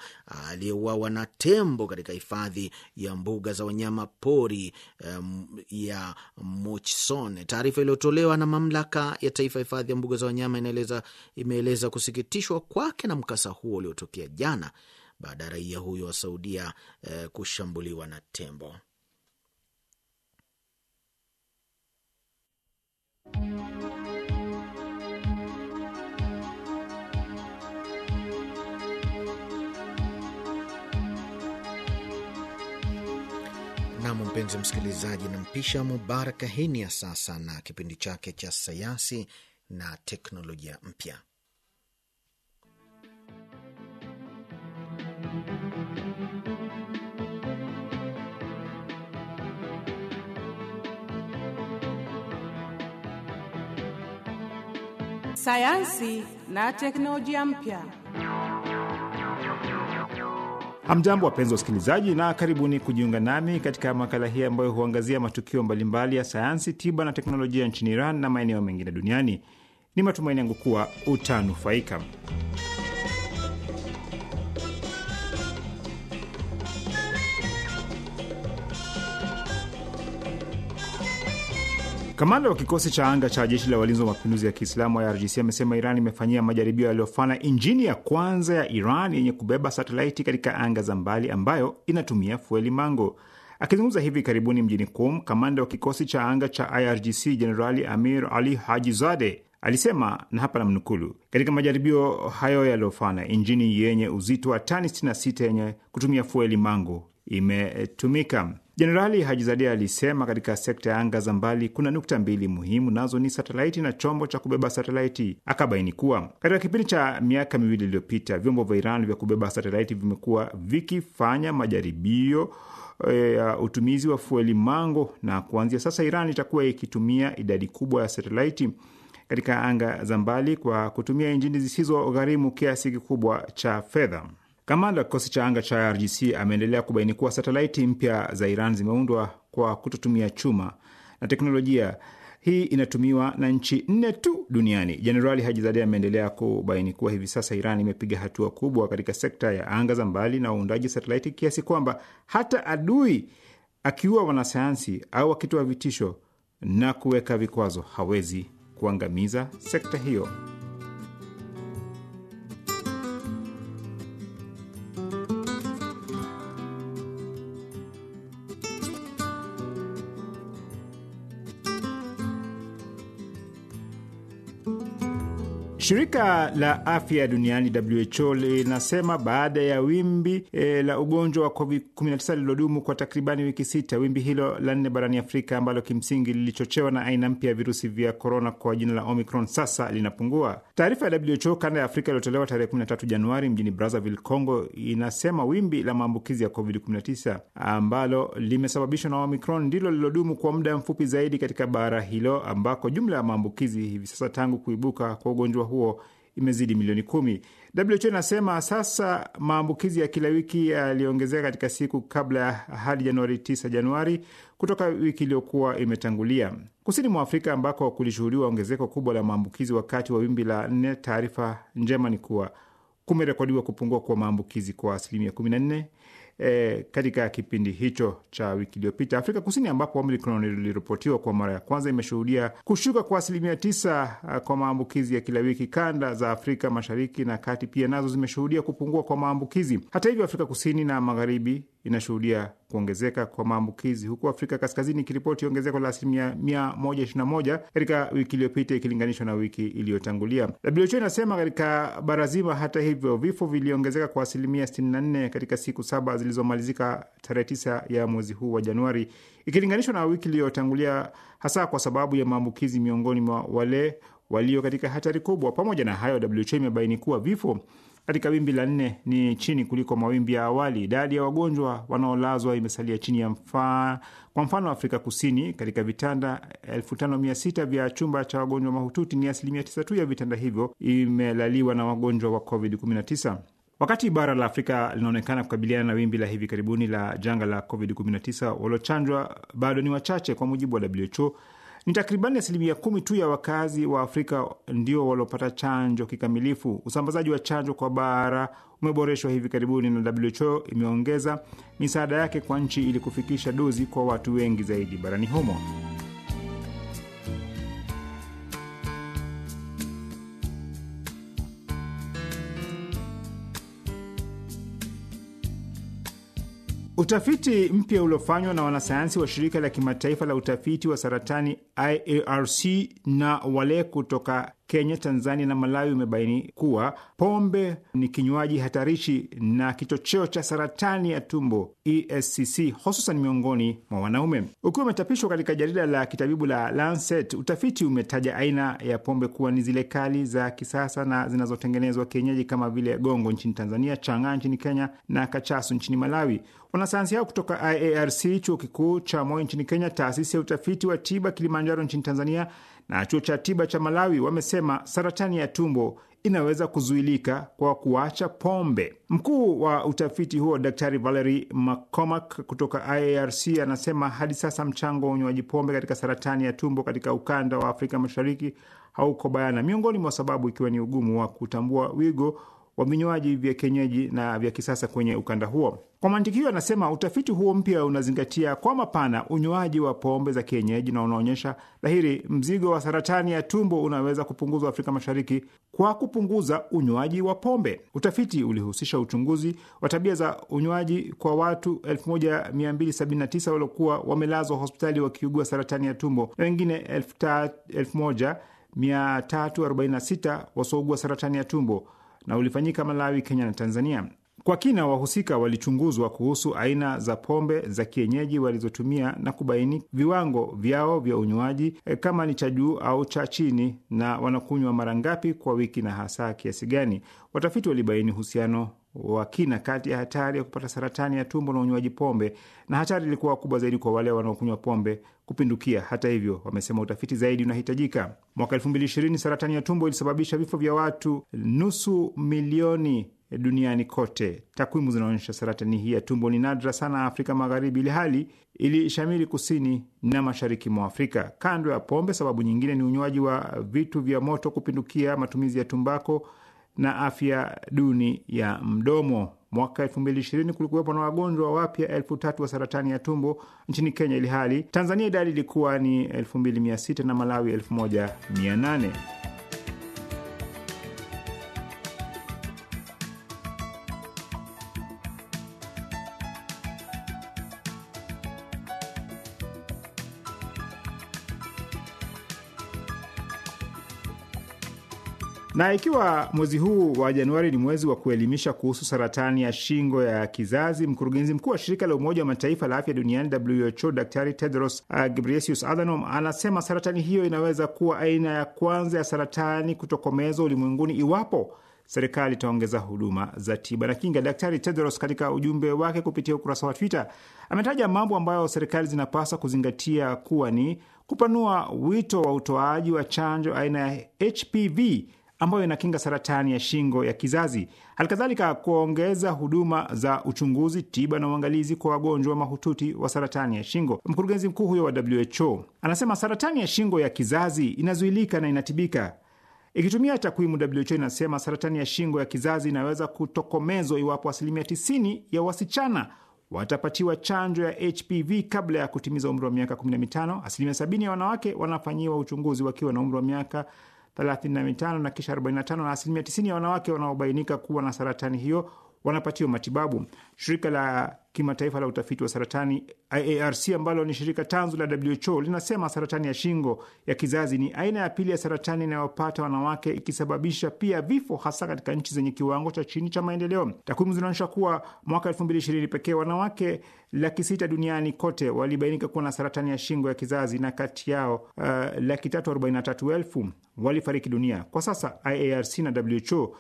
aliyeuawa na tembo katika hifadhi ya mbuga za wanyama pori um, ya Murchison. Taarifa iliyotolewa na mamlaka ya taifa ya hifadhi ya mbuga za wanyama inaeleza, imeeleza kusikitishwa kwake na mkasa huo uliotokea jana baada ya raia huyo wa Saudia eh, kushambuliwa na tembo. Nam, mpenzi msikilizaji, na mpisha Mubaraka ya sasa na kipindi chake cha sayansi na teknolojia mpya. Sayansi na teknolojia mpya. Hamjambo, wapenzi wa usikilizaji, na karibuni kujiunga nami katika makala hii ambayo huangazia matukio mbalimbali ya sayansi, tiba na teknolojia nchini Iran na maeneo mengine duniani. Ni matumaini yangu kuwa utanufaika. Kamanda wa kikosi cha anga cha jeshi la walinzi wa mapinduzi ya Kiislamu IRGC amesema Iran imefanyia majaribio yaliyofana injini ya kwanza ya Iran yenye kubeba satelaiti katika anga za mbali ambayo inatumia fueli mango. Akizungumza hivi karibuni mjini Qom, kamanda wa kikosi cha anga cha IRGC Jenerali Amir Ali Hajizade alisema na hapa namnukulu: katika majaribio hayo yaliyofana, injini yenye uzito wa tani 66 yenye kutumia fueli mango imetumika. Jenerali Hajizadia alisema katika sekta ya anga za mbali kuna nukta mbili muhimu, nazo ni satelaiti na chombo cha kubeba satelaiti. Akabaini kuwa katika kipindi cha miaka miwili iliyopita vyombo vya Iran vya kubeba satelaiti vimekuwa vikifanya majaribio eh, ya e, utumizi wa fueli mango, na kuanzia sasa Iran itakuwa ikitumia idadi kubwa ya satelaiti katika anga za mbali kwa kutumia injini zisizo gharimu kiasi kikubwa cha fedha. Kamanda wa kikosi cha anga cha IRGC ameendelea kubaini kuwa satelaiti mpya za Iran zimeundwa kwa kutotumia chuma na teknolojia hii inatumiwa na nchi nne tu duniani. Jenerali Hajizadeh ameendelea kubaini kuwa hivi sasa Iran imepiga hatua kubwa katika sekta ya anga za mbali na uundaji satelaiti kiasi kwamba hata adui akiua wanasayansi au akitoa vitisho na kuweka vikwazo hawezi kuangamiza sekta hiyo. Shirika la afya duniani WHO linasema baada ya wimbi e, la ugonjwa wa COVID-19 lilodumu kwa takribani wiki sita, wimbi hilo la nne barani Afrika ambalo kimsingi lilichochewa na aina mpya ya virusi vya korona kwa jina la Omicron sasa linapungua. Taarifa ya WHO kanda ya Afrika iliyotolewa tarehe 13 Januari mjini Brazzaville, Congo, inasema wimbi la maambukizi ya COVID-19 ambalo limesababishwa na Omicron ndilo lilodumu kwa muda mfupi zaidi katika bara hilo ambako jumla ya maambukizi hivi sasa tangu kuibuka kwa ugonjwa huo imezidi milioni kumi. WHO inasema sasa maambukizi ya kila wiki yaliongezeka katika siku kabla hadi Januari 9 Januari kutoka wiki iliyokuwa imetangulia. Kusini mwa Afrika ambako kulishuhudiwa ongezeko kubwa la maambukizi wakati wa wimbi la nne, taarifa njema ni kuwa kumerekodiwa kupungua kwa maambukizi kwa asilimia 14 e, katika kipindi hicho cha wiki iliyopita. Afrika Kusini, ambapo Omicron iliripotiwa kwa mara ya kwanza, imeshuhudia kushuka kwa asilimia tisa eh, kwa maambukizi ya kila wiki. Kanda za Afrika Mashariki na Kati pia nazo zimeshuhudia kupungua kwa maambukizi. Hata hivyo, Afrika Kusini na Magharibi inashuhudia kuongezeka kwa maambukizi, huku Afrika Kaskazini ikiripoti ongezeko la asilimia 121 katika wiki iliyopita ikilinganishwa na wiki iliyotangulia. WHO inasema katika bara zima, hata hivyo, vifo viliongezeka kwa asilimia 64 katika siku saba zilizomalizika tarehe 9 ya mwezi huu wa Januari ikilinganishwa na wiki iliyotangulia, hasa kwa sababu ya maambukizi miongoni mwa wale walio katika hatari kubwa. Pamoja na hayo, WHO imebaini kuwa vifo katika wimbi la nne ni chini kuliko mawimbi ya awali. Idadi ya wagonjwa wanaolazwa imesalia chini ya mfa... Kwa mfano, Afrika Kusini, katika vitanda 5600 vya chumba cha wagonjwa mahututi ni asilimia 9 tu ya vitanda hivyo imelaliwa na wagonjwa wa COVID-19. Wakati bara la Afrika linaonekana kukabiliana na wimbi la hivi karibuni la janga la COVID-19, waliochanjwa bado ni wachache, kwa mujibu wa WHO. Ni takribani asilimia kumi tu ya wakazi wa Afrika ndio waliopata chanjo kikamilifu. Usambazaji wa chanjo kwa bara umeboreshwa hivi karibuni, na WHO imeongeza misaada yake kwa nchi ili kufikisha dozi kwa watu wengi zaidi barani humo. Utafiti mpya uliofanywa na wanasayansi wa shirika la kimataifa la utafiti wa saratani IARC na wale kutoka Kenya, Tanzania na Malawi umebaini kuwa pombe ni kinywaji hatarishi na kichocheo cha saratani ya tumbo ESCC, hususan miongoni mwa wanaume. Ukiwa umechapishwa katika jarida la kitabibu la Lancet, utafiti umetaja aina ya pombe kuwa ni zile kali za kisasa na zinazotengenezwa kienyeji kama vile gongo nchini Tanzania, chang'aa nchini Kenya na kachasu nchini Malawi. Wanasayansi hao kutoka IARC, chuo kikuu cha Moi nchini Kenya, taasisi ya utafiti wa tiba Kilimanjaro nchini Tanzania na chuo cha tiba cha Malawi wamesema saratani ya tumbo inaweza kuzuilika kwa kuacha pombe. Mkuu wa utafiti huo Daktari Valery McCormack kutoka IARC anasema hadi sasa mchango wa unywaji pombe katika saratani ya tumbo katika ukanda wa Afrika Mashariki hauko bayana, miongoni mwa sababu ikiwa ni ugumu wa kutambua wigo wa vinywaji vya kienyeji na vya kisasa kwenye ukanda huo. Kwa mantiki hiyo, anasema utafiti huo mpya unazingatia kwa mapana unywaji wa pombe za kienyeji na unaonyesha dhahiri mzigo wa saratani ya tumbo unaweza kupunguzwa Afrika Mashariki kwa kupunguza unywaji wa pombe. Utafiti ulihusisha uchunguzi wa tabia za unywaji kwa watu 1279 waliokuwa wamelazwa hospitali wakiugua saratani ya tumbo na wengine 1346 wasougua saratani ya tumbo na ulifanyika Malawi, Kenya na Tanzania. Kwa kina, wahusika walichunguzwa kuhusu aina za pombe za kienyeji walizotumia na kubaini viwango vyao vya unywaji, eh, kama ni cha juu au cha chini, na wanakunywa mara ngapi kwa wiki na hasa kiasi gani. Watafiti walibaini uhusiano wa kina kati ya hatari ya kupata saratani ya tumbo na unywaji pombe, na hatari ilikuwa kubwa zaidi kwa wale wanaokunywa pombe kupindukia. Hata hivyo, wamesema utafiti zaidi unahitajika. Mwaka elfu mbili ishirini saratani ya tumbo ilisababisha vifo vya watu nusu milioni duniani kote. Takwimu zinaonyesha saratani hii ya tumbo ni nadra sana Afrika Magharibi, ili hali ilishamiri kusini na mashariki mwa Afrika. Kando ya pombe, sababu nyingine ni unywaji wa vitu vya moto kupindukia, matumizi ya tumbako na afya duni ya mdomo. Mwaka elfu mbili ishirini kulikuwepo na wagonjwa wapya elfu tatu wa saratani ya tumbo nchini Kenya, ili hali Tanzania idadi ilikuwa ni elfu mbili mia sita na Malawi elfu moja mia nane. Na ikiwa mwezi huu wa Januari ni mwezi wa kuelimisha kuhusu saratani ya shingo ya kizazi, mkurugenzi mkuu wa shirika la Umoja wa Mataifa la afya duniani WHO, Daktari Tedros Ghebreyesus Adhanom anasema saratani hiyo inaweza kuwa aina ya kwanza ya saratani kutokomezwa ulimwenguni iwapo serikali itaongeza huduma za tiba na kinga. Daktari Tedros katika ujumbe wake kupitia ukurasa wa Twitter ametaja mambo ambayo serikali zinapaswa kuzingatia kuwa ni kupanua wito wa utoaji wa chanjo aina ya HPV ambayo inakinga saratani ya shingo ya kizazi. Halikadhalika, kuongeza huduma za uchunguzi, tiba na uangalizi kwa wagonjwa mahututi wa saratani ya shingo. Mkurugenzi mkuu huyo wa WHO anasema saratani ya shingo ya kizazi inazuilika na inatibika. Ikitumia takwimu, WHO inasema saratani ya shingo ya kizazi inaweza kutokomezwa iwapo asilimia 90 ya wasichana watapatiwa chanjo ya HPV kabla ya kutimiza umri wa miaka 15. Asilimia 70 ya wanawake wanafanyiwa uchunguzi wakiwa na umri wa miaka 35 na kisha 45 na asilimia 90 ya wanawake wanaobainika kuwa na saratani hiyo wanapatiwa matibabu. Shirika la kimataifa la utafiti wa saratani IARC ambalo ni shirika tanzu la WHO linasema saratani ya shingo ya kizazi ni aina ya pili ya saratani inayopata wanawake, ikisababisha pia vifo, hasa katika nchi zenye kiwango cha chini cha maendeleo. Takwimu zinaonyesha kuwa mwaka 2020 pekee wanawake laki sita duniani kote walibainika kuwa na saratani ya shingo ya kizazi na kati yao uh, laki tatu arobaini na tatu elfu walifariki dunia. Kwa sasa IARC na WHO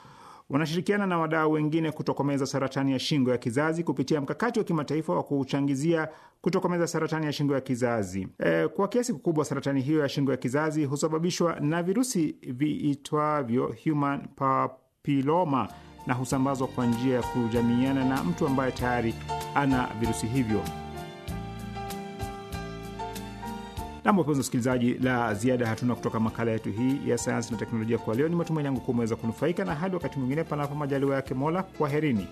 wanashirikiana na wadau wengine kutokomeza saratani ya shingo ya kizazi kupitia mkakati wa kimataifa wa kuchangizia kutokomeza saratani ya shingo ya kizazi. E, kwa kiasi kikubwa saratani hiyo ya shingo ya kizazi husababishwa na virusi viitwavyo human papiloma na husambazwa kwa njia ya kujamiiana na mtu ambaye tayari ana virusi hivyo. Nam, wapenzi wasikilizaji, la ziada hatuna kutoka makala yetu hii ya sayansi na teknolojia kwa leo. Ni matumaini yangu kuwa umeweza kunufaika, na hadi wakati mwingine, panapo majaliwa yake Mola, kwaherini.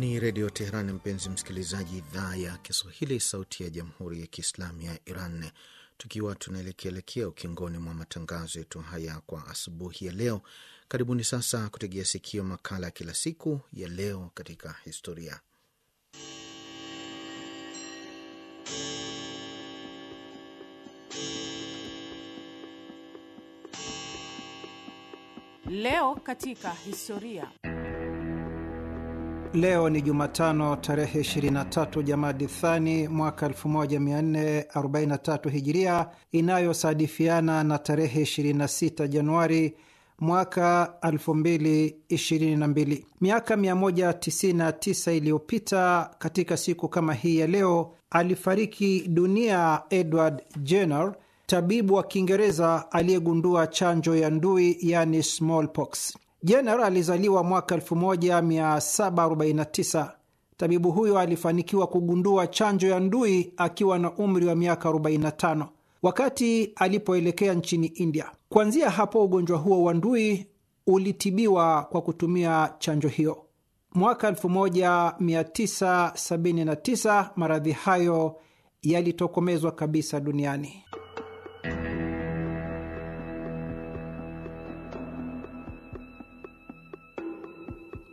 Ni Redio Teheran, mpenzi msikilizaji, idhaa ya Kiswahili, sauti ya jamhuri ya kiislamu ya Iran. Tukiwa tunaelekeelekea ukingoni mwa matangazo yetu haya kwa asubuhi ya leo, karibuni sasa kutegea sikio makala ya kila siku ya Leo katika Historia. Leo katika historia Leo ni Jumatano tarehe 23 Jamadi Thani mwaka 1443 Hijiria, inayosadifiana na tarehe 26 Januari mwaka 2022. Miaka 199 iliyopita katika siku kama hii ya leo alifariki dunia Edward Jenner, tabibu wa Kiingereza aliyegundua chanjo ya ndui, yani smallpox. Jenner alizaliwa mwaka 1749. Tabibu huyo alifanikiwa kugundua chanjo ya ndui akiwa na umri wa miaka 45 wakati alipoelekea nchini India. Kuanzia hapo ugonjwa huo wa ndui ulitibiwa kwa kutumia chanjo hiyo. Mwaka 1979 maradhi hayo yalitokomezwa kabisa duniani.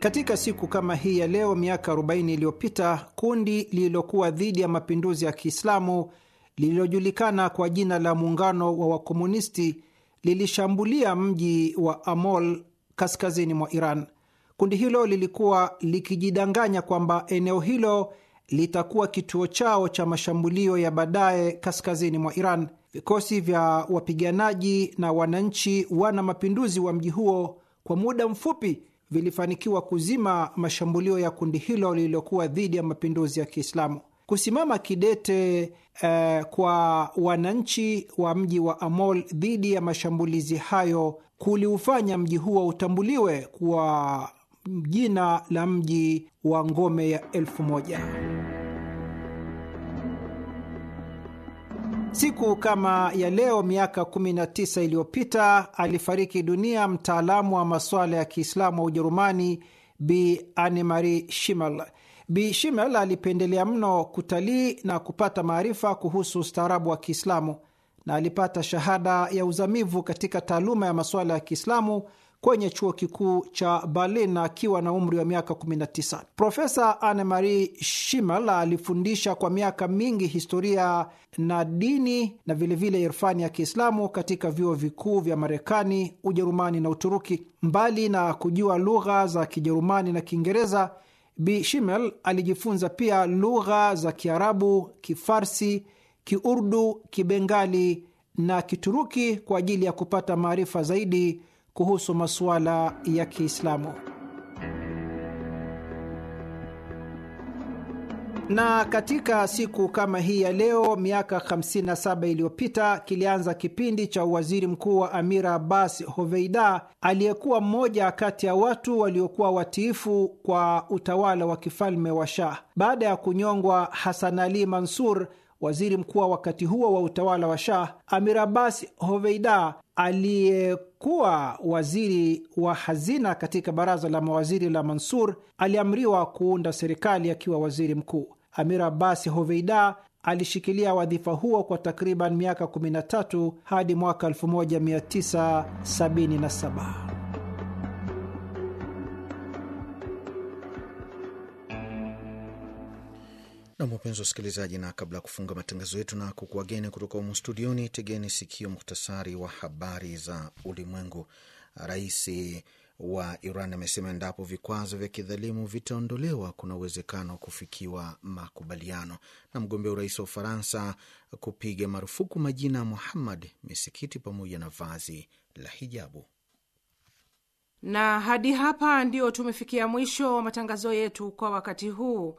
Katika siku kama hii ya leo miaka 40 iliyopita kundi lililokuwa dhidi ya mapinduzi ya Kiislamu lililojulikana kwa jina la Muungano wa Wakomunisti lilishambulia mji wa Amol kaskazini mwa Iran. Kundi hilo lilikuwa likijidanganya kwamba eneo hilo litakuwa kituo chao cha mashambulio ya baadaye kaskazini mwa Iran. Vikosi vya wapiganaji na wananchi wana mapinduzi wa mji huo kwa muda mfupi vilifanikiwa kuzima mashambulio ya kundi hilo lililokuwa dhidi ya mapinduzi ya Kiislamu. Kusimama kidete uh, kwa wananchi wa mji wa Amol dhidi ya mashambulizi hayo kuliufanya mji huo utambuliwe kwa jina la mji wa ngome ya elfu moja. Siku kama ya leo miaka 19 iliyopita alifariki dunia mtaalamu wa masuala ya Kiislamu wa Ujerumani Bi Annemarie Schimmel. Bi Schimmel alipendelea mno kutalii na kupata maarifa kuhusu ustaarabu wa Kiislamu na alipata shahada ya uzamivu katika taaluma ya masuala ya Kiislamu kwenye chuo kikuu cha Berlin akiwa na umri wa miaka 19. Profesa Annemarie Schimmel alifundisha kwa miaka mingi historia na dini na vilevile irfani ya Kiislamu katika vyuo vikuu vya Marekani, Ujerumani na Uturuki. Mbali na kujua lugha za Kijerumani na Kiingereza, Bi Schimmel alijifunza pia lugha za Kiarabu, Kifarsi, Kiurdu, Kibengali na Kituruki kwa ajili ya kupata maarifa zaidi kuhusu masuala ya Kiislamu. Na katika siku kama hii ya leo miaka 57 iliyopita kilianza kipindi cha waziri mkuu wa Amir Abbas Hoveida aliyekuwa mmoja kati ya watu waliokuwa watiifu kwa utawala wa kifalme wa Shah. Baada ya kunyongwa Hasan Ali Mansur, waziri mkuu wa wakati huo wa utawala wa Shah, Amir Abbas Hoveida aliyekuwa waziri wa hazina katika baraza la mawaziri la Mansur aliamriwa kuunda serikali akiwa waziri mkuu. Amir Abbas Hoveida alishikilia wadhifa huo kwa takriban miaka 13 hadi mwaka 1977. Nam, wapenzi wasikilizaji, na kabla ya kufunga matangazo yetu na kukuageni kutoka humu studioni, tegeni sikio muhtasari wa habari za ulimwengu. Rais wa Iran amesema endapo vikwazo vya kidhalimu vitaondolewa kuna uwezekano wa kufikiwa makubaliano. Na mgombea urais wa Ufaransa kupiga marufuku majina ya Muhammad, misikiti pamoja na vazi la hijabu. Na hadi hapa ndio tumefikia mwisho wa matangazo yetu kwa wakati huu.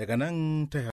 daga nan ta